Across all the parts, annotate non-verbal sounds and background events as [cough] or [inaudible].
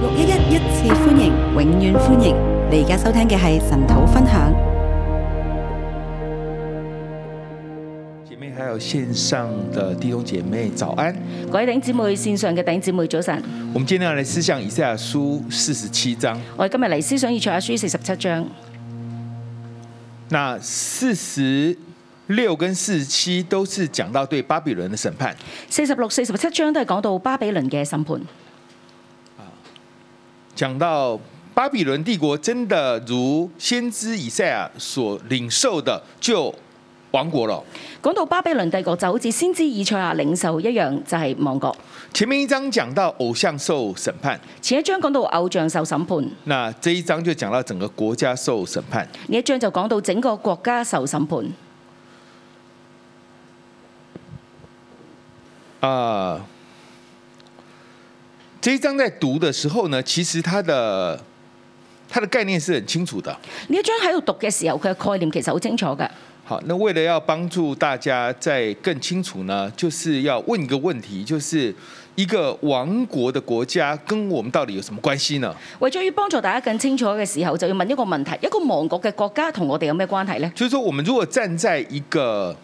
六一一一次歡迎，永遠歡迎。你而家收聽嘅係神土分享。姐妹還有線上的弟兄姐妹，早安！各位頂姐妹線上嘅頂姐妹早晨。我們今天要嚟思想以賽亞書四十七章。我哋今日嚟思想以賽亞書四十七章。那四十六跟四十七都是講到對巴比倫嘅審判。四十六、四十七章都係講到巴比倫嘅審判。講到巴比倫帝國真的如先知以賽亞所領受的就亡國咯。講到巴比倫帝國就好似先知以賽亞領受一樣，就係亡國。前面一章講到偶像受審判。前一章講到偶像受審判。那這一章就講到整個國家受審判。呢一章就講到整個國家受審判。啊。這一章在讀的時候呢，其實它的它的概念是很清楚的。呢一章喺度讀嘅時候，佢嘅概念其實好清楚嘅。好，那為了要幫助大家再更清楚呢，就是要問一個問題，就是一個亡國的國家跟我們到底有什麼關係呢？為咗要幫助大家更清楚嘅時候，就要問一個問題：一個亡國嘅國家同我哋有咩關係呢？所以說，我們如果站在一個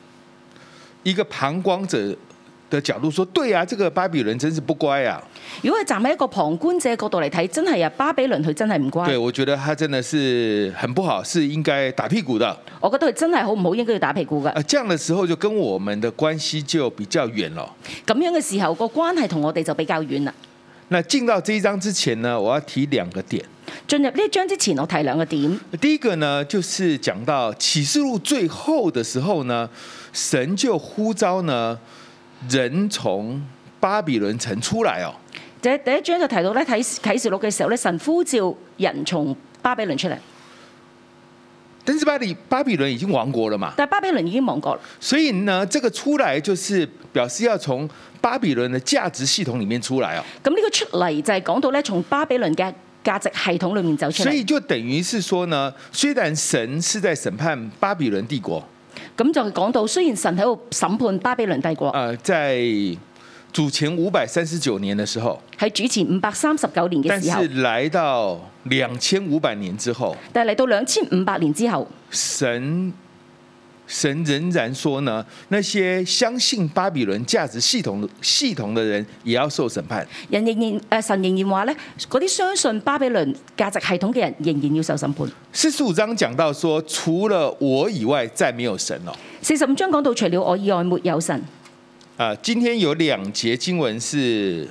一個旁觀者。的角度說，對啊，這個巴比倫真是不乖啊！如果佢站喺一個旁觀者角度嚟睇，真係啊，巴比倫佢真係唔乖。對，我覺得他真的是很不好，是應該打屁股的。我覺得佢真係好唔好，應該要打屁股㗎。啊，這樣的時候就跟我們的關係就比較遠咯。咁樣嘅時候，個關係同我哋就比較遠啦。那進到呢一章之前呢，我要提兩個點。進入呢一章之前，我提兩個點。第一個呢，就是講到啟示錄最後的時候呢，神就呼召呢。人從巴比倫城出來哦。第第一章就提到咧，睇啟示錄嘅時候咧，神呼召人從巴比倫出嚟。但是巴比巴比倫已經亡國了嘛？但巴比倫已經亡國啦。所以呢，這個出來就是表示要從巴比倫的價值系統裏面出來啊。咁呢個出嚟就係講到咧，從巴比倫嘅價值系統裏面走出嚟。所以就等於是說呢，雖然神是在審判巴比倫帝國。咁就講到，雖然神喺度審判巴比倫帝國。誒，在主前五百三十九年嘅時候。喺主前五百三十九年嘅時候。係，嚟到兩千五百年之後。但係嚟到兩千五百年之後，神。神仍然說呢，那些相信巴比倫價值系統系統的人，也要受審判。人仍然，誒，神仍然話咧，嗰啲相信巴比倫價值系統嘅人，仍然要受審判。四十五章講到說，除了我以外，再沒有神咯哦。四十五章講到，除了我以外，沒有神。啊，今天有兩節經文是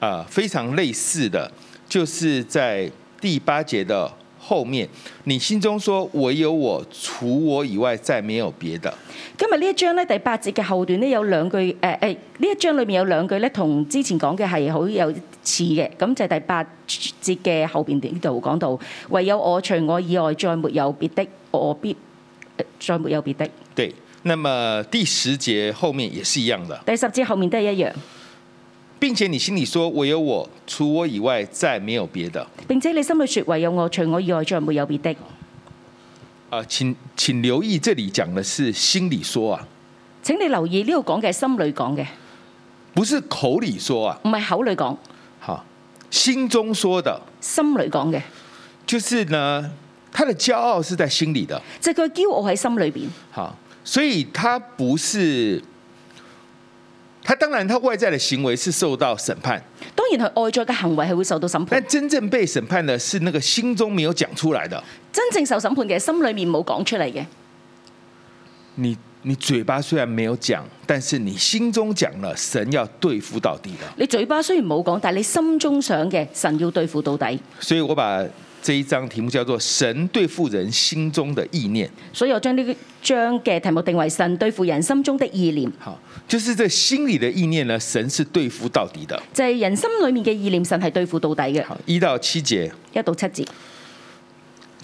啊，非常類似的，就是在第八節的。後面，你心中說唯有我，除我以外再沒有別的。今日呢一章咧第八節嘅後段呢，有兩句，誒誒，呢一章裏面有兩句咧同之前講嘅係好有似嘅，咁就係第八節嘅後邊呢度講到，唯有我，除我以外再沒有別的，我必再沒有別的。對，那麼第十節後面也是一樣的。第十節後面都係一樣。並且你心裏說唯有我，除我以外再沒有別的。並且你心裏說唯有我，除我以外再沒有別的。啊，請請留意這裏講的是心裏說啊。請你留意呢個講嘅係心裏講嘅，不是口裏說啊。唔係口裏講。好，心中說的。心裏講嘅，就是呢，他的驕傲是在心裏的。即係佢驕傲喺心裏邊。好，所以他不是。他當然，他外在的行為是受到審判。當然，佢外在嘅行為係會受到審判。但真正被審判嘅是那個心中沒有講出來的。真正受審判嘅心裏面冇講出嚟嘅。你你嘴巴雖然沒有講，但是你心中講了，神要對付到底的。你嘴巴雖然冇講，但係你心中想嘅，神要對付到底。所以我把。這一章題目叫做神對付人心中的意念，所以我將呢章嘅題目定為神對付人心中的意念。好，就是這心裏的意念呢，神是對付到底的。就係、是、人心裏面嘅意念，神係對付到底嘅。好，一到七節，一到七節，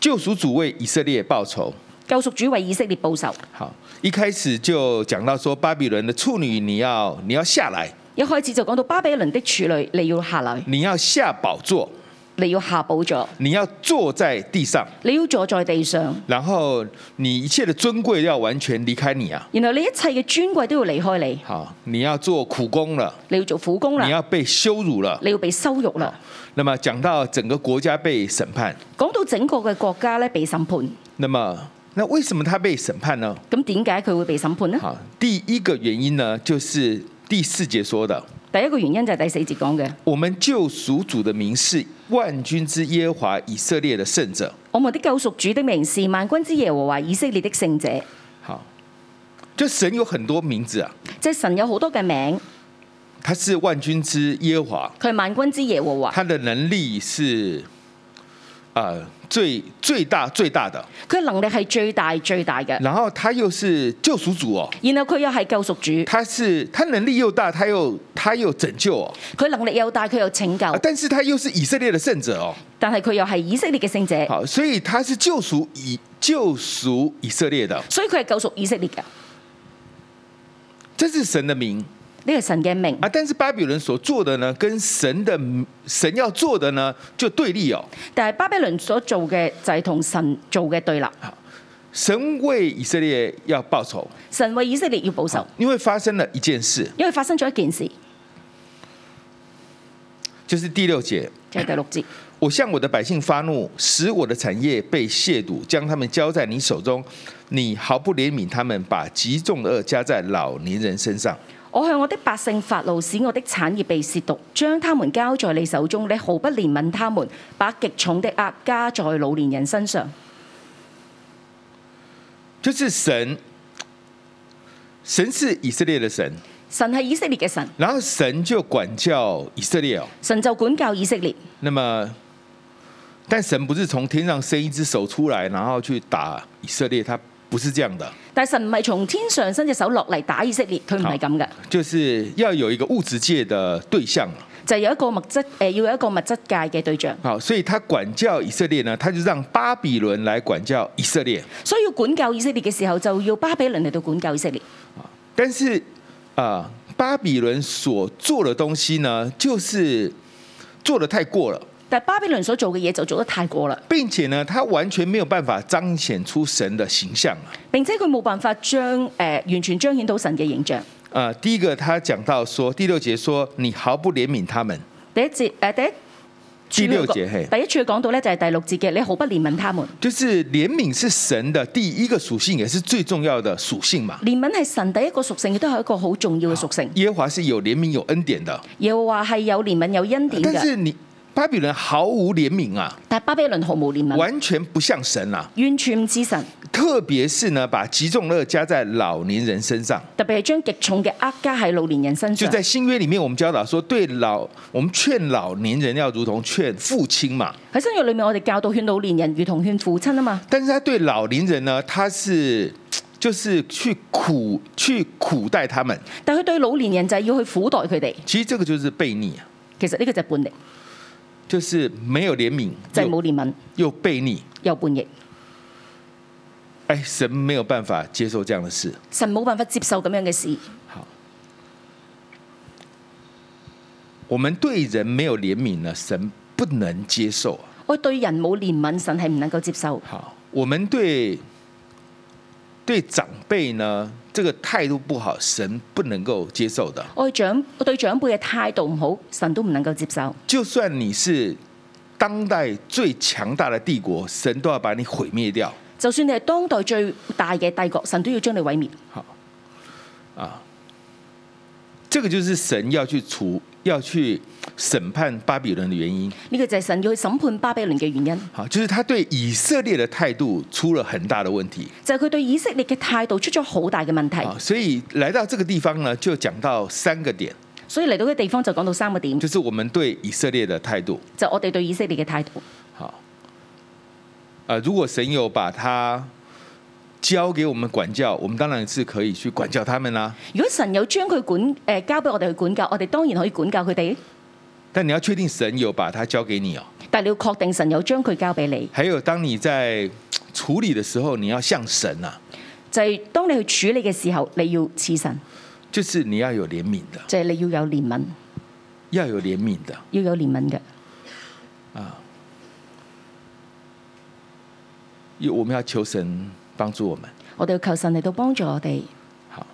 救贖主為以色列報仇，救贖主為以色列報仇。好，一開始就講到說巴比倫的處女你要你要下來，一開始就講到巴比倫的處女你要，你要下來，你要下寶座。你要下寶座，你要坐在地上，你要坐在地上，然後你一切的尊貴要完全離開你啊。然後你一切嘅尊貴都要離開你。好，你要做苦工啦，你要做苦工啦，你要被羞辱啦，你要被羞辱啦。那麼講到整個國家被審判，講到整個嘅國家咧被審判。那麼那為什麼他被審判呢？咁點解佢會被審判呢？第一個原因呢，就是第四節說的。第一個原因就係第四節講嘅，我們救贖主的名是。萬軍之耶和華以色列的聖者，我們的救贖主的名是萬軍之耶和華以色列的聖者。好，即神有很多名字啊，即係神有好多嘅名。他是萬軍之耶和華，佢係萬軍之耶和華，他的能力是啊、呃。最最大最大的，佢能力係最大最大嘅。然後佢又是救贖主哦。然後佢又係救贖主。他是他能力又大，他又他又拯救。佢能力又大，佢又拯救。啊，但是佢又是以色列的聖者哦。但係佢又係以色列嘅聖者。好，所以他是救贖以救贖以色列的。所以佢係救贖以色列嘅。這是神的名。呢、這個神嘅命啊！但是巴比倫所做的呢，跟神的神要做的呢，就對立哦。但係巴比倫所做嘅就係同神做嘅對立。神為以色列要報仇，神為以色列要保守，因為發生了一件事，因為發生咗一件事，就是第六節。就是、第六節，我向我的百姓發怒，使我的產業被褻瀆，將他們交在你手中，你毫不憐憫他們，把極重的惡加在老年人身上。我向我的百姓發怒，使我的產業被褻瀆，將他們交在你手中，你毫不憐憫他們，把極重的軛加在老年人身上。就是神，神是以色列的神，神係以色列嘅神，然後神就管教以色列，哦，神就管教以色列。那麼，但神不是從天上伸一隻手出來，然後去打以色列，他。不是這樣的，但神唔係從天上伸隻手落嚟打以色列，佢唔係咁嘅，就是要有一個物質界的對象，就有一個物質誒、呃，要有一個物質界嘅對象。好，所以他管教以色列呢，他就讓巴比倫來管教以色列。所以要管教以色列嘅時候，就要巴比倫嚟到管教以色列。但是、呃、巴比倫所做的東西呢，就是做得太過了。但巴比倫所做嘅嘢就做得太過啦，並且呢，他完全沒有辦法彰顯出神的形象啊，並且佢冇辦法將誒完全彰顯到神嘅形象。啊，第一個，他講到說第六節說，你毫不憐憫他們。第一節誒第一第六節係第一處講到咧，就係第六節嘅，你毫不憐憫他們。就是憐憫是神的第一個屬性，也是最重要的屬性嘛。憐憫係神第一個屬性嘅，亦都係一個好重要嘅屬性。耶華是有憐憫有恩典的，又話係有憐憫有恩典嘅，但是你。巴比倫毫無憐憫啊！但係巴比倫毫無憐憫，完全不像神啊，完全唔似神。特別是呢，把極重軛加在老年人身上，特別係將極重嘅軛加喺老年人身上。就在新約裏面，我們教導說對老，我們勸老年人要如同勸父親嘛。喺新約裏面，我哋教導勸老年人如同勸父親啊嘛。但是他對老年人呢，他是就是去苦去苦待他們。但佢對老年人就係要去苦待佢哋。其實呢個就是悖逆啊！其實呢個就係叛逆。就是沒有憐憫，就係冇憐憫，又悖逆，又叛逆。哎，神沒有辦法接受這樣的事，神冇辦法接受咁樣嘅事。好，我們對人沒有憐憫呢，神不能接受。我對人冇憐憫，神係唔能夠接受。好，我們對對長輩呢？這個態度不好，神不能夠接受的。我長我對長輩嘅態度唔好，神都唔能夠接受。就算你是當代最強大的帝國，神都要把你毀滅掉。就算你係當代最大嘅帝國，神都要將你毀滅。好，啊，這個就是神要去除。要去，審這個、要去審判巴比倫的原因，呢個就係神要去審判巴比倫嘅原因。好，就是他對以色列的態度出了很大的問題。就係、是、佢對以色列嘅態度出咗好大嘅問題。所以，來到這個地方呢，就講到三個點。所以嚟到個地方就講到三個點，就是我們對以色列嘅態度。就我哋對以色列嘅態度。好，如果神有把他。交給我們管教，我們當然是可以去管教他們啦、啊。如果神有將佢管誒、呃、交俾我哋去管教，我哋當然可以管教佢哋。但你要確定神有把它交給你哦、啊。但你要確定神有將佢交俾你。還有當你在處理的時候，你要向神啊。就係、是、當你去處理嘅時候，你要似神。就是你要有憐憫的。就係、是、你要有憐憫，要有憐憫的，要有憐憫嘅。啊，因我們要求神。幫助我們，我哋要求神嚟到幫助我哋。好，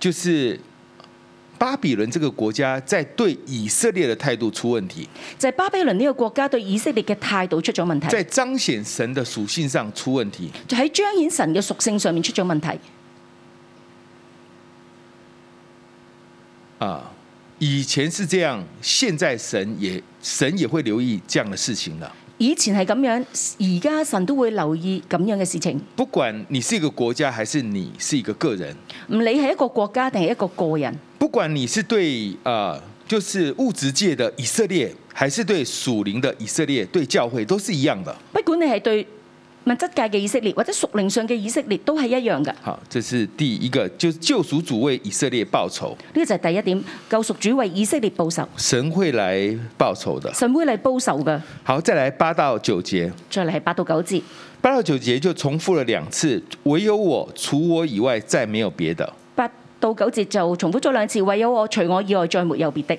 就是巴比倫這個國家在對以色列的態度出問題。就係巴比倫呢個國家對以色列嘅態度出咗問題，在彰顯神的屬性上出問題。就喺彰顯神嘅屬性上面出咗問題。啊，以前是這樣，現在神也神也會留意這樣的事情了。以前係咁樣，而家神都會留意咁樣嘅事情。不管你是一個國家，還是你是一個個人，唔理係一個國家定係一個個人。不管你是對啊、呃，就是物質界的以色列，還是對屬靈的以色列，對教會都是一樣的。不管你係對。物質界嘅以色列或者屬靈上嘅以色列都係一樣㗎。好，這是第一個，就是救贖主為以色列報仇。呢個就係第一點，救贖主為以色列報仇。神會來報仇的。神會嚟報仇嘅。好，再來八到九節。再嚟係八到九節。八到九節就重複了兩次，唯有我，除我以外再沒有別的。八到九節就重複咗兩次，唯有我，除我以外再沒有別的。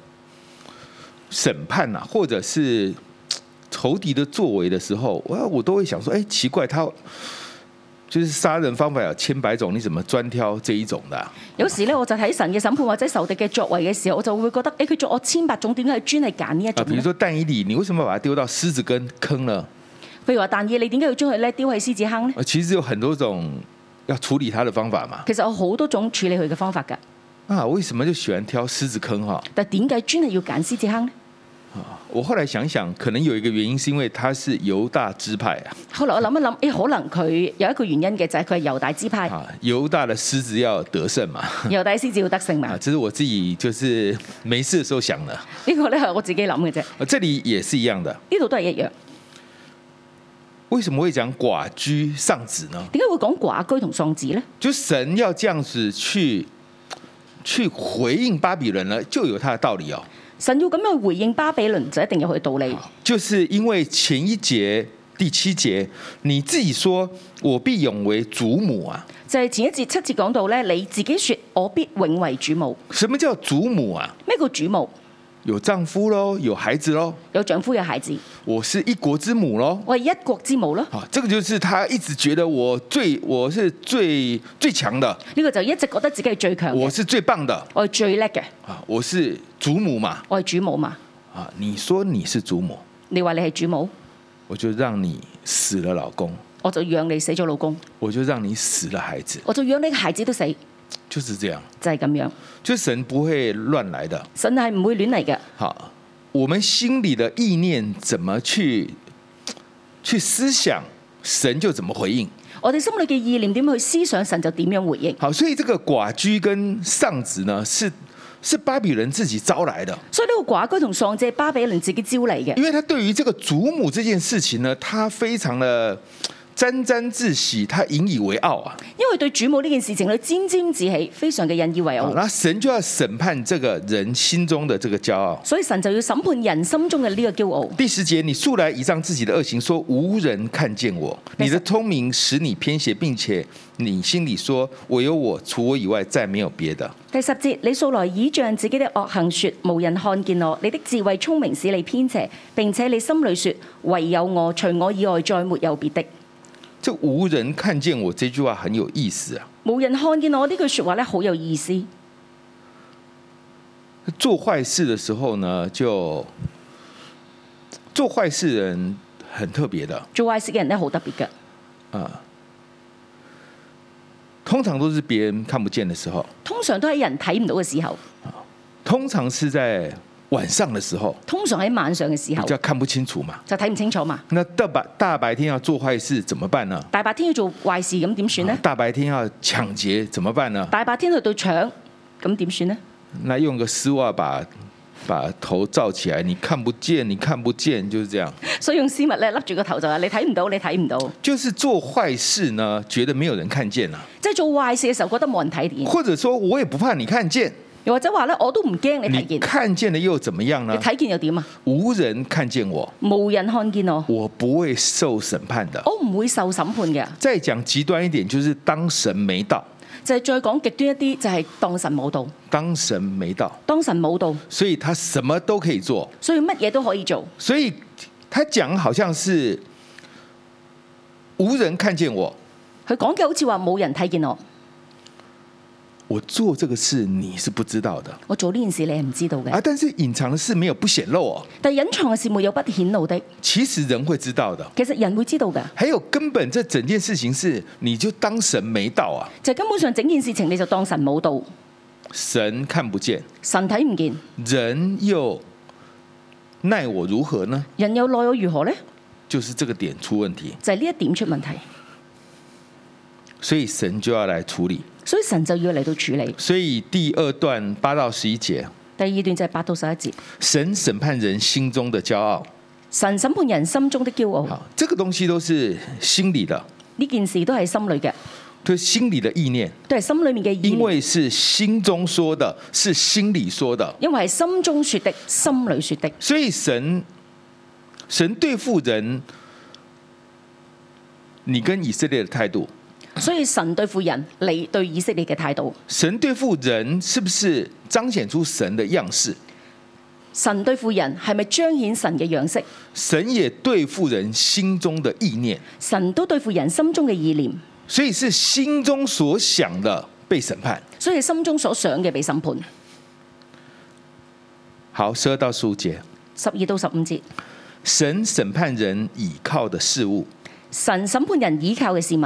審判啦、啊，或者是仇敵的作為的時候，我我都會想說，誒、欸，奇怪，他就是殺人方法有千百種，你怎麼專挑這一種的、啊？有時呢，我就睇神嘅審判或者仇敵嘅作為嘅時候，我就會覺得，誒、欸，佢做我千百種，點解專係揀呢一種？啊，比如說但以理，你為什麼要把它丟到獅子根坑呢？譬如話但以理，你點解要將佢咧丟喺獅子坑呢？其實有很多種要處理它的方法嘛。其實有好多種處理佢嘅方法噶。啊，我為什麼就喜歡挑獅子坑？嗬？但點解專係要揀獅子坑呢？我後來想想，可能有一個原因是因為他是猶大支派啊。後來我諗一諗，誒、欸，可能佢有一個原因嘅，就係佢係猶大支派。啊，猶大的獅子要得勝嘛。猶大獅子要得勝嘛。啊，這是我自己就是沒事的時候想的。呢、這個呢係我自己諗嘅啫。啊，這裏也是一樣的。呢度都係一樣。為什麼會講寡居喪子呢？點解會講寡居同喪子呢？就神要這樣子去去回應巴比倫呢，就有他的道理哦。神要咁樣回應巴比倫，就一定有佢道理，就是因為前一節第七節你自己說我必永為主母啊，就係前一節七節講到咧，你自己說我必永為主母，什麼叫主母啊？咩叫主母？有丈夫咯，有孩子咯，有丈夫有孩子，我是一國之母咯，我係一國之母咯，啊，這個就是他一直覺得我最我是最最強的，呢個就一直覺得自己係最強，我是最棒的，我係最叻嘅，啊，我是祖母嘛，我係祖母嘛，啊，你說你是祖母，你話你係祖母，我就讓你死了老公，我就讓你死咗老公，我就讓你死了孩子，我就讓你個孩子都死。就是這樣，就係、是、咁樣，就是、神不會亂來的，神係唔會亂來嘅。好，我們心裏的意念怎麼去去思想，神就怎麼回應。我哋心裏嘅意念點去思想，神就點樣回應。好，所以這個寡居跟喪子呢，是是巴比倫自己招來的。所以呢個寡居同喪子，係巴比倫自己招來嘅。因為他對於這個祖母這件事情呢，他非常的。沾沾自喜，他引以為傲啊！因為對主母呢件事情，佢沾沾自喜，非常嘅引以為傲，哦。那神就要審判這個人心中的這個驕傲。所以神就要審判人心中嘅呢個驕傲。第十節，你素來倚仗自己的惡行，說無人看見我；你的聰明使你偏斜，並且你心裏說：唯有我，除我以外再沒有別的。第十節，你素來倚仗自己的惡行，說無人看見我；你的智慧聰明使你偏斜，並且你心裏說：唯有我，除我以外再沒有別的。就無人看見我這句話很有意思啊！無人看見我呢句說話呢，好有意思。做壞事的時候呢，就做壞事的人很特別的。做壞事嘅人呢，好特別嘅。通常都是別人看不見的時候。通常都係人睇唔到嘅時候。通常是在。晚上的時候，通常喺晚上嘅時候比較看不清楚嘛，就睇唔清楚嘛。那大白大白天要做壞事，怎麼辦呢？大白天要做壞事，咁點算呢？大白天要搶劫，怎麼辦呢？大白天去到搶，咁點算呢？那用個絲襪把把頭罩起來，你看不見，你看不見，就是這樣。所以用絲襪咧，笠住個頭就係你睇唔到，你睇唔到。就是做壞事呢，覺得沒有人看見啦。即係做壞事嘅時候，覺得冇人睇你。或者說，我也不怕你看見。又或者話咧，我都唔驚你睇見。你看見了又怎麼樣呢？你睇見又點啊？無人看見我。冇人看見我。我不會受審判的。我唔會受審判嘅。再講極端一點，就是當神沒到。就係、是、再講極端一啲，就係當神冇到。當神沒到，當神冇到，所以他什麼都可以做。所以乜嘢都可以做。所以他講，好像是無人看見我。佢講嘅好似話冇人睇見我。我做這個事你是不知道的，我做呢件事你係唔知道嘅，啊！但是隱藏的事沒有不顯露哦、啊，但隱藏嘅事沒有不顯露的，其實人會知道的，其實人會知道嘅。還有根本，這整件事情是你就當神沒到啊，就是、根本上整件事情你就當神冇到，神看不見，神睇唔見，人又奈我如何呢？人又奈我如何呢？就是這個點出問題，就係、是、呢一點出問題，所以神就要來處理。所以神就要嚟到處理。所以第二段八到十一節。第二段就係八到十一節。神審判人心中的驕傲。神審判人心中的驕傲。好，這個東西都是心理的。呢件事都係心裏嘅。對，心理的意念。對，心裏面嘅意念。因為是心中說的，是心裏說的。因為係心中說的，心裏說的。所以神神對付人，你跟以色列的態度。所以神對付人，你對以色列嘅態度？神對付人，是不是彰顯出神的樣式？神對付人，係咪彰顯神嘅樣式？神也對付人心中的意念。神都對付人心中嘅意念。所以是心中所想的被審判。所以心中所想嘅被審判。好，十二到十五節。十二到十五節。神審判人倚靠的事物。神審判人倚靠嘅事物。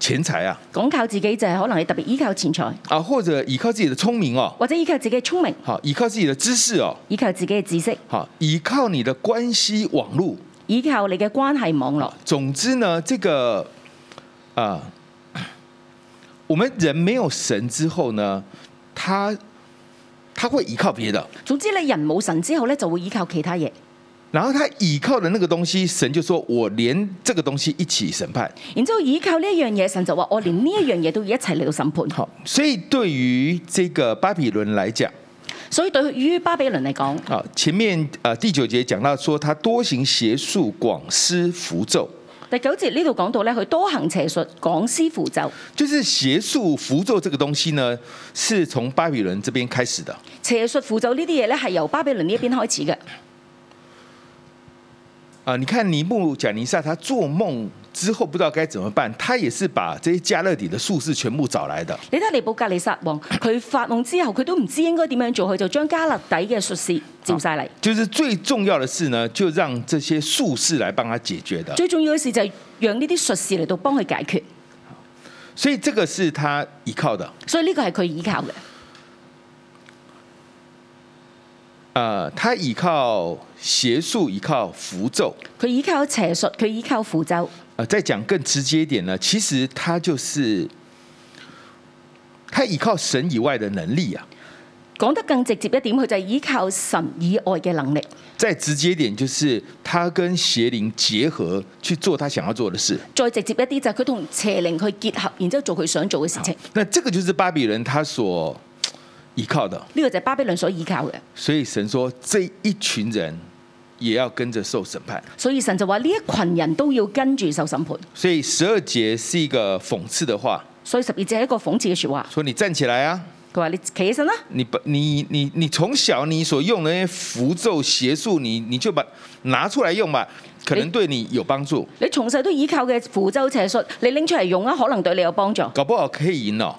錢財啊，講靠自己就係可能你特別依靠錢財啊，或者依靠自己的聰明哦，或者依靠自己嘅聰明，好依靠自己嘅知識哦，依靠自己嘅知識，好依靠你的關係網絡，依靠你嘅關係網絡。總之呢，這個，啊，我們人沒有神之後呢，他他會依靠別的。總之呢，人冇神之後呢，就會依靠其他嘢。然後他倚靠的那個東西，神就說我連這個東西一起審判。然之後倚靠呢一樣嘢，神就話我連呢一樣嘢都要一齊嚟到審判。好，所以對於這個巴比倫來講，所以對於巴比倫嚟講，啊，前面啊、呃、第九節講到說他多行邪術，廣施符咒。第九節呢度講到咧，佢多行邪術，廣施符咒。就是邪術符咒這個東西呢，是從巴比倫這邊開始的。邪術符咒呢啲嘢咧，係由巴比倫呢一邊開始嘅。啊！你看尼布甲尼撒，他做夢之後不知道該怎麼辦，他也是把這些加勒底的術士全部找來的。你睇尼布甲尼撒王，佢發夢之後，佢都唔知應該點樣做，佢就將加勒底嘅術士召晒嚟。就是最重要嘅事呢，就讓這些術士來幫他解決的。最重要嘅事就係讓呢啲術士嚟到幫佢解決。所以這個是他依靠的。所以呢個係佢依靠嘅。啊、呃！他依靠邪術，依靠符咒。佢依靠邪術，佢依靠符咒。啊、呃！再講更直接一點呢？其實他就是，他依靠神以外的能力啊。講得更直接一點，佢就係依靠神以外嘅能力。再直接一點，就是他跟邪靈結合去做他想要做嘅事。再直接一啲，就係佢同邪靈去結合，然之後做佢想做嘅事情。那這個就是巴比倫他所。依靠的，呢個就係巴比倫所依靠嘅，所以神說這一群人也要跟着受審判。所以神就話呢一群人都要跟住受審判。所以十二節是一個諷刺的話。所以十二節係一個諷刺嘅說話。所以你站起來啊！佢話你企起身啦！你你你你從小你所用嘅那些符咒邪術，你你就把拿出來用吧，可能對你有幫助。你從細都依靠嘅符咒邪術，你拎出嚟用啊，可能對你有幫助。咁不過欺軟咯。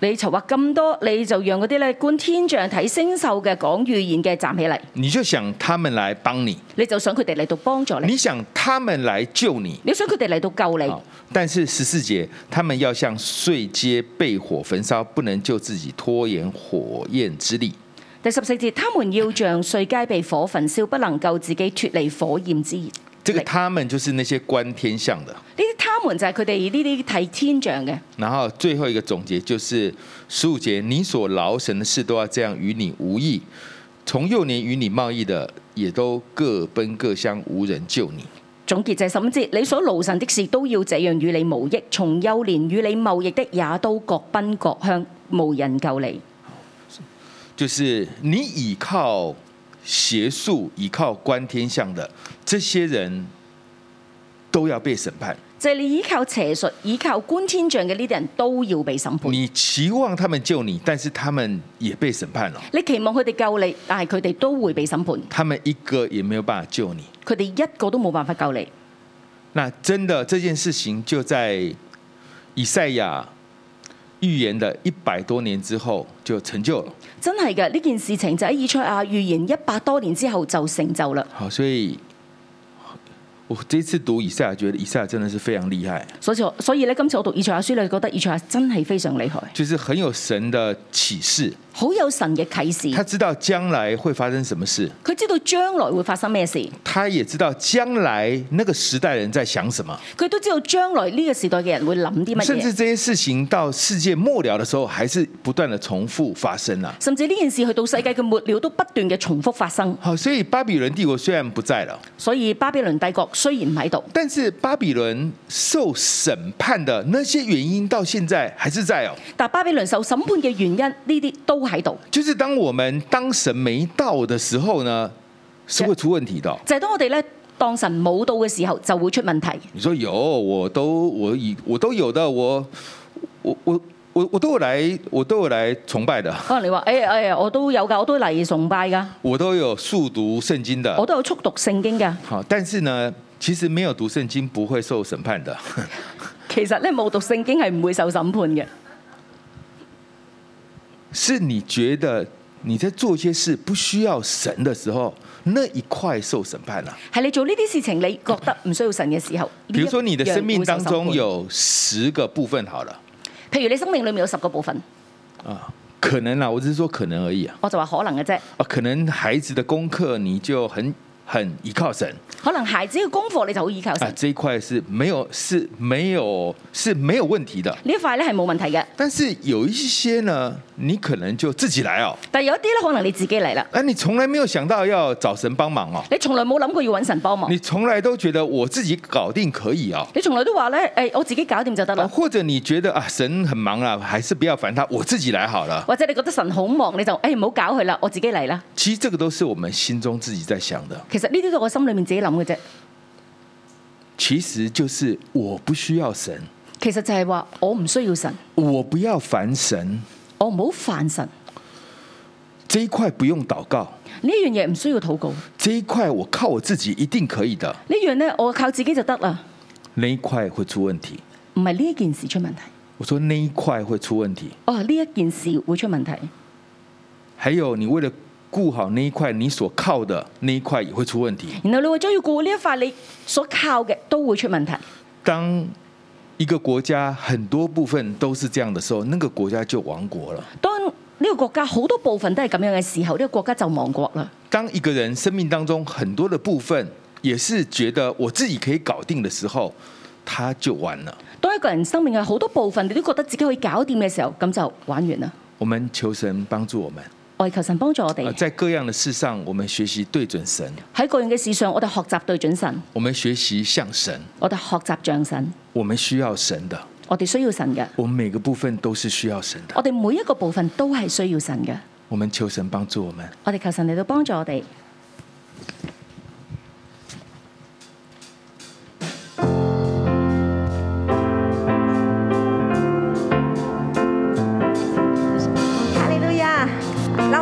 你籌劃咁多，你就讓嗰啲咧觀天象、睇星宿嘅講預言嘅站起嚟。你就想他們來幫你？你就想佢哋嚟到幫助你？你想他們嚟救你？你想佢哋嚟到救你？但是十四節，他們要向碎秸被火焚燒，不能救自己，拖延火焰之力。第十四節，他們要像碎秸被火焚燒，不能救自己，脫 [laughs] 離火焰之。這個他們就是那些觀天象的。這他們就係佢哋呢啲睇天象嘅。然後最後一個總結就是十五節：你所勞神的事都要這樣與你無益。從幼年與你貿易的也都各奔各鄉，無人救你。總結就係十五節：你所勞神的事都要這樣與你無益。從幼年與你貿易的也都各奔各鄉，無人救你。就是你依靠邪術倚靠觀天象的這些人，都要被審判。即係你依靠邪術、依靠觀天象的呢啲人，都要被審判。你期望他們救你，但是他們也被審判了。你期望佢哋救你，但係佢哋都會被審判。他們一個也沒有辦法救你。佢哋一個都冇辦法救你。那真的，這件事情就在以賽亞預言的一百多年之後就成就了。真係嘅，呢件事情就喺以賽亞預言一百多年之後就成就啦。好，所以我第一次讀以賽亞，覺得以賽亞真的是非常厲害。所以，所以呢，今次我讀以賽亞書，你覺得以賽亞真係非常厲害，就是很有神的啟示。好有神嘅啟示，他知道將來會發生什麼事。佢知道將來會發生咩事。他也知道將來那個時代人在想什麼。佢都知道將來呢個時代嘅人會諗啲乜嘢。甚至這些事情到世界末了的時候，還是不斷的重複發生啊，甚至呢件事去到世界嘅末了，都不斷嘅重複發生。所以巴比倫帝國雖然不在了，所以巴比倫帝國雖然唔喺度，但是巴比倫受審判的那些原因到現在還是在哦。但巴比倫受審判嘅原因呢啲都。就是當我們當神沒到的時候呢，是會出問題的。就係、是、當我哋咧當神冇到嘅時候，就會出問題。你說有，我都我以我都有的，我我我我都有來，我都有來崇拜的。可能你話誒誒，我都有噶，我都嚟崇拜噶，我都有速讀聖經的，我都有速讀聖經的。好，但是呢，其實沒有讀聖經不會受審判的。其實咧，冇讀聖經係唔會受審判嘅。是你覺得你在做些事不需要神的時候，那一塊受審判了。啊、係你做呢啲事情，你覺得唔需要神嘅時候。譬如說，你的生命當中有十個部分，好了。譬如你生命裡面有十個部分。啊、可能啦、啊，我只係說可能而已啊。我就話可能嘅啫。啊，可能孩子的功課你就很。很依靠神，可能孩子的功課你就好依靠神啊。這一塊是沒有，是沒有，是沒有問題的。呢一塊咧，係冇問題嘅。但是有一些呢，你可能就自己嚟哦。但有一啲呢，可能你自己嚟啦。啊，你從來沒有想到要找神幫忙哦。你從來冇諗過要搵神幫忙。你從來都覺得我自己搞定可以哦。你從來都話呢，哎，我自己搞掂就得了。或者你覺得啊，神很忙啊，還是不要煩他，我自己來好了。或者你覺得神好忙，你就誒，唔好搞佢了。我自己嚟了。其實這個都是我們心中自己在想的。其實呢啲都係我心裏面自己諗嘅啫，其實就是我不需要神，其實就係話我唔需要神，我不要煩神，我唔好煩神，呢一塊不用禱告，呢樣嘢唔需要禱告，呢一塊我靠我自己一定可以的，呢樣呢，我靠自己就得啦，呢一塊會出問題，唔係呢一件事出問題，我說呢一塊會出問題，哦呢一件事會出問題，還有你為了。顧好那一塊，你所靠的那一塊也會出問題。然後你會將要顧呢一塊，你所靠嘅都會出問題。當一個國家很多部分都是這樣的時候，那個國家就亡國了。當呢個國家好多部分都係咁樣嘅時候，呢個國家就亡國啦。當一個人生命當中很多的部分也是覺得我自己可以搞定的時候，他就完了。當一個人生命嘅好多部分你都覺得自己可以搞掂嘅時候，咁就玩完啦。我們求神幫助我們。我求神幫助我哋。在各樣嘅事上，我們學習對準神。喺各樣嘅事上，我哋學習對準神。我們學習向神。我哋學習像神。我們需要神的。我哋需要神嘅。我們每個部分都是需要神的。我哋每一個部分都係需要神嘅。我們求神幫助我們。我哋求神嚟到幫助我哋。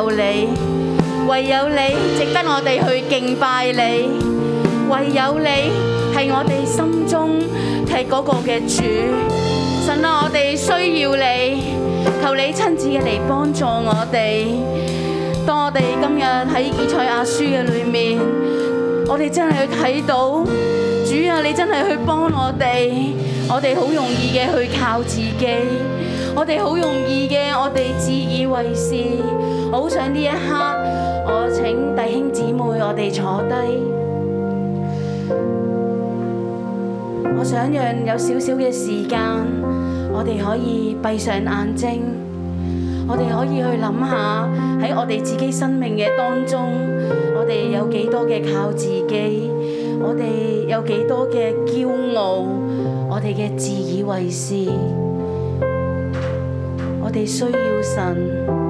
唯有你，唯有你，值得我哋去敬拜你；唯有你係我哋心中係嗰個嘅主。神啊，我哋需要你，求你親自嘅嚟幫助我哋。當我哋今日喺以賽亞書嘅裏面，我哋真係去睇到主啊，你真係去幫我哋。我哋好容易嘅去靠自己，我哋好容易嘅，我哋自以為是。好想呢一刻，我請弟兄姊妹，我哋坐低。我想讓有少少嘅時間，我哋可以閉上眼睛，我哋可以去諗下喺我哋自己生命嘅當中，我哋有幾多嘅靠自己，我哋有幾多嘅驕傲，我哋嘅自以為是，我哋需要神。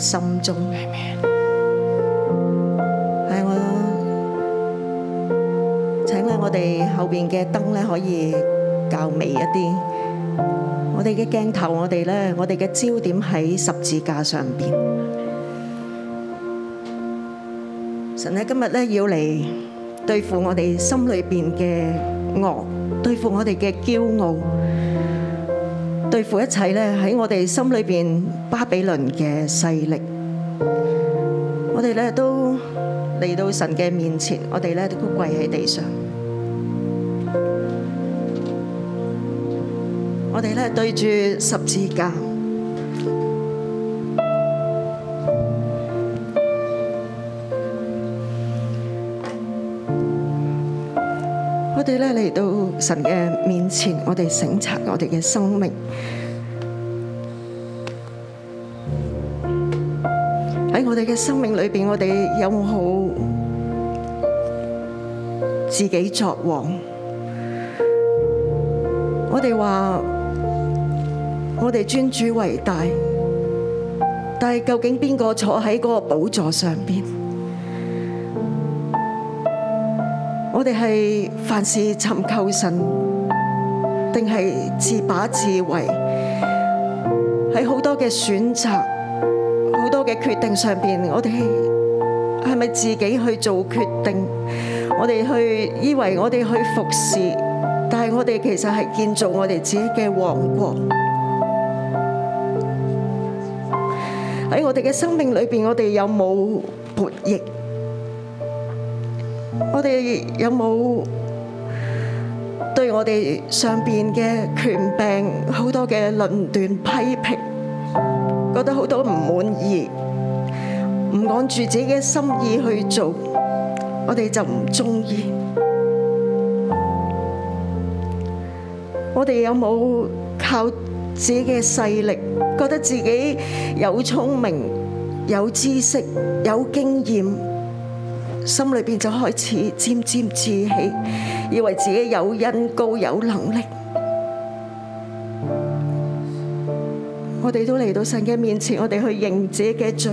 心中嘅名，係我請咧，我哋後邊嘅燈咧可以較微一啲。我哋嘅鏡頭，我哋咧，我哋嘅焦點喺十字架上邊。神咧，今日咧要嚟對付我哋心裏邊嘅惡，對付我哋嘅驕傲。對付一切在喺我哋心裏面巴比倫嘅勢力，我哋都嚟到神嘅面前，我哋都跪喺地上，我哋對住十字架。我哋咧嚟到神嘅面前，我哋省察我哋嘅生命。喺我哋嘅生命裏邊，我哋有冇好自己作王？我哋話我哋尊主為大，但係究竟邊個坐喺嗰個寶座上邊？我哋係凡事尋求神，定係自把自為？喺好多嘅選擇、好多嘅決定上面，我哋係咪自己去做決定？我哋去以為我哋去服侍，但係我哋其實係建造我哋自己嘅王國。喺我哋嘅生命裏面，我哋有冇僕役？我哋有冇對我哋上面嘅權柄好多嘅論斷批評，覺得好多唔滿意，唔按住自己嘅心意去做，我哋就唔鍾意。我哋有冇靠自己嘅勢力，覺得自己有聰明、有知識、有經驗？心裏邊就開始沾沾自喜，以為自己有恩膏、有能力。我哋都嚟到神嘅面前，我哋去認自己嘅罪。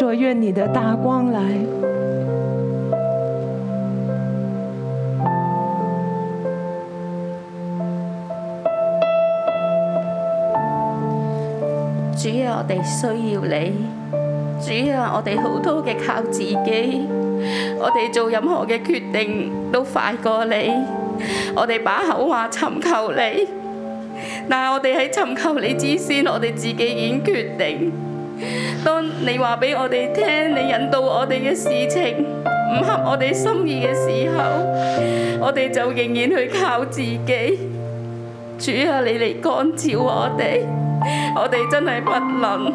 所願你的大光來，主啊，我哋需要你。主啊，我哋好多嘅靠自己，我哋做任何嘅決定都快過你。我哋把口話尋求你，但係我哋喺尋求你之先，我哋自己已經決定。當你話俾我哋聽，你引導我哋嘅事情唔合我哋心意嘅時候，我哋就仍然去靠自己。主啊，你嚟光照我哋，我哋真係不能，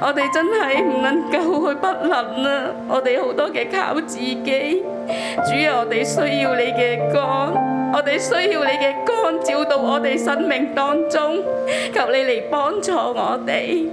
我哋真係唔能夠去不能啊！我哋好多嘅靠自己，主啊，我哋需要你嘅光，我哋需要你嘅光照到我哋生命當中，求你嚟幫助我哋。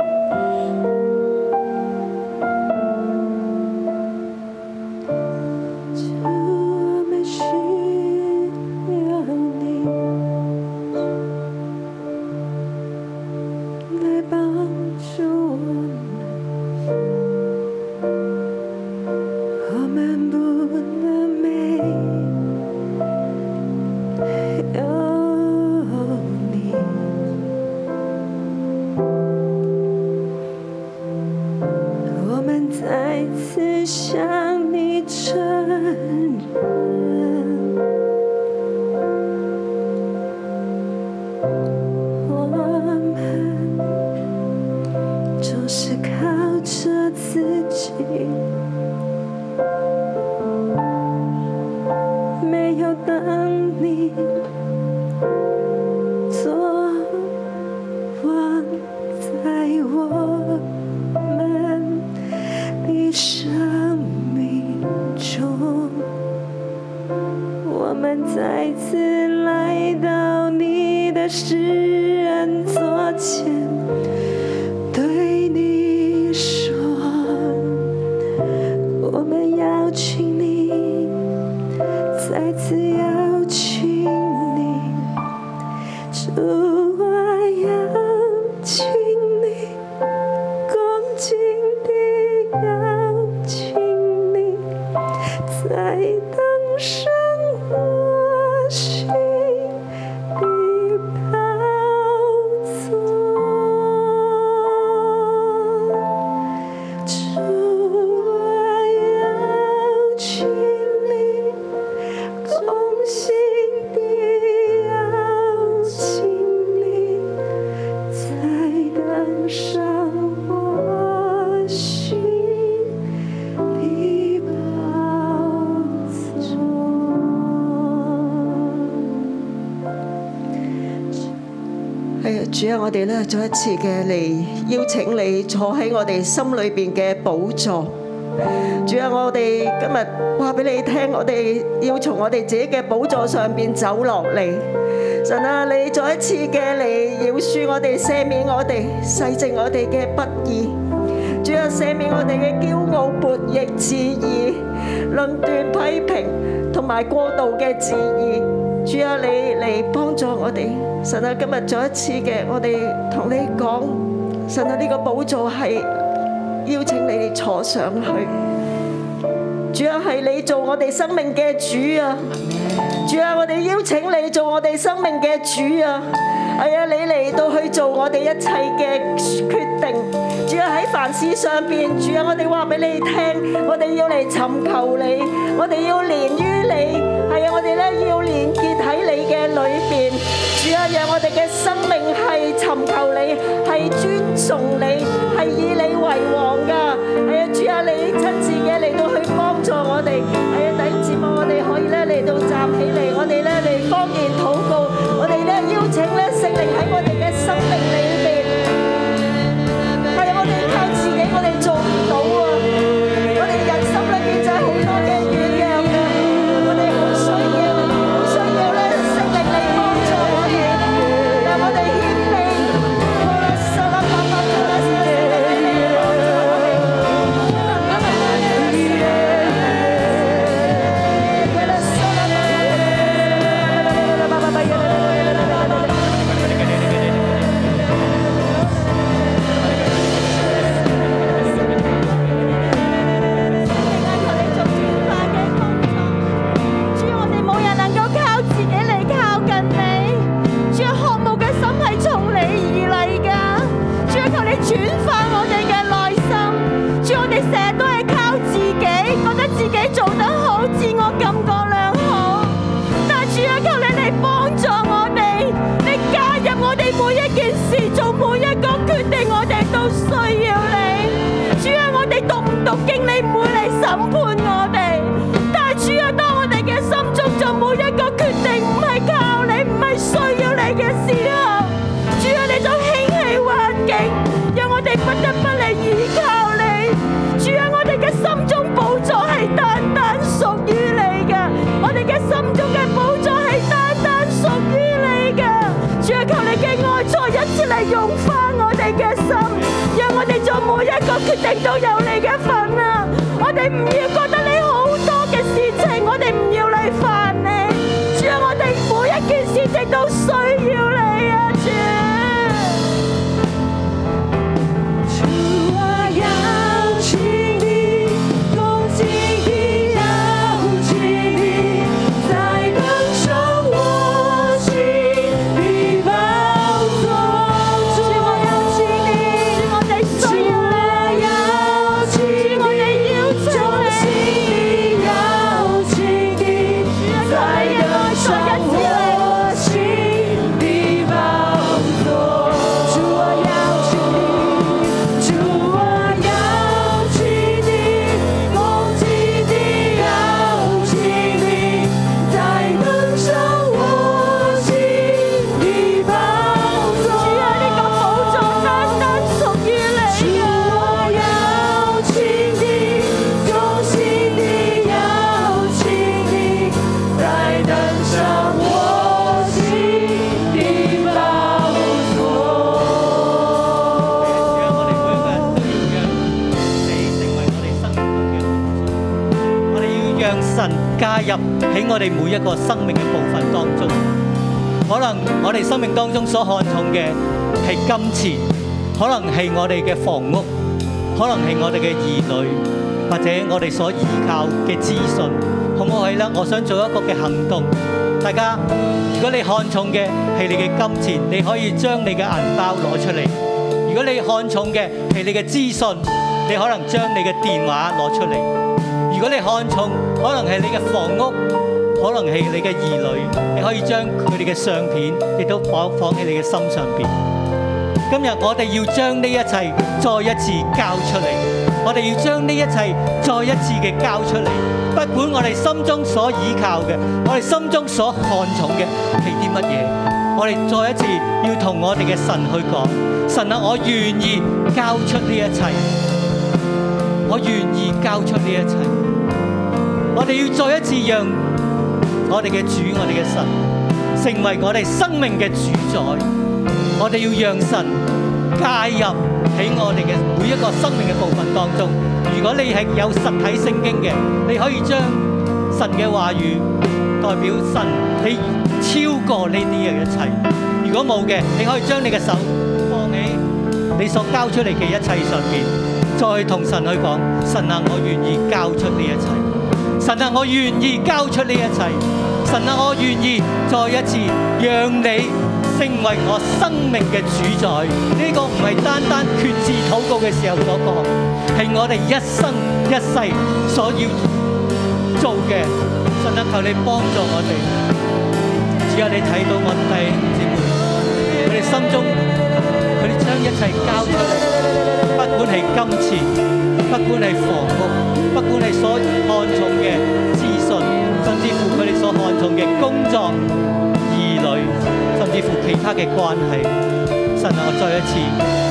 再一次嘅嚟邀請你坐喺我哋心裏邊嘅寶座，主啊，我哋今日話俾你聽，我哋要從我哋自己嘅寶座上邊走落嚟。神啊，你再一次嘅嚟饒恕我哋赦免，我哋洗淨我哋嘅不義，主啊，赦免我哋嘅驕傲、悖逆、自義、論斷、批評同埋過度嘅自義，主啊，你嚟幫助我哋。神啊，今日再一次嘅，我哋同你講，神啊，呢個寶座係邀請你哋坐上去。主啊，係你做我哋生命嘅主啊！主啊，我哋邀請你做我哋生命嘅主啊！係、哎、啊，你嚟到去做我哋一切嘅決定。主啊，喺凡事上邊，主啊，我哋話俾你聽，我哋要嚟尋求你，我哋要連於你。我哋咧要連結喺你嘅裏邊，主啊！讓我哋嘅生命係尋求你，係尊崇你，係以你為王㗎。係啊，主啊！你親自嘅嚟到去幫助我哋。係啊，等一目我哋可以咧嚟到站起嚟，我哋咧嚟方言禱告。你每一個生命嘅部分當中，可能我哋生命當中所看重嘅係金錢，可能係我哋嘅房屋，可能係我哋嘅兒女，或者我哋所依靠嘅資訊，好唔好？係啦，我想做一個嘅行動，大家，如果你看重嘅係你嘅金錢，你可以將你嘅銀包攞出嚟；如果你看重嘅係你嘅資訊，你可能將你嘅電話攞出嚟；如果你看重可能係你嘅房屋。可能係你嘅兒女，你可以將佢哋嘅相片亦都放放喺你嘅心上邊。今日我哋要將呢一切再一次交出嚟，我哋要將呢一切再一次嘅交出嚟。不管我哋心中所倚靠嘅，我哋心中所看重嘅係啲乜嘢，我哋再一次要同我哋嘅神去講：神啊，我願意交出呢一切，我願意交出呢一切。我哋要再一次讓。我哋嘅主，我哋嘅神，成為我哋生命嘅主宰。我哋要讓神介入喺我哋嘅每一個生命嘅部分當中。如果你係有實體聖經嘅，你可以將神嘅話語代表神，你超過呢啲嘅一切。如果冇嘅，你可以將你嘅手放喺你所交出嚟嘅一切上邊，再同神去講：神啊，我願意交出呢一切。神啊，我願意交出呢一切。神啊，我願意再一次讓你成為我生命嘅主宰。呢個唔係單單決志禱告嘅時候所講，係我哋一生一世所要做嘅。神啊，求你幫助我哋。只要你睇到我弟兄姊妹，佢哋心中佢哋將一切交出嚟，不管係今次。不管你房屋，不管你所看重嘅資訊，甚至乎佢哋所看重嘅工作、兒女，甚至乎其他嘅關係，神啊，我再一次。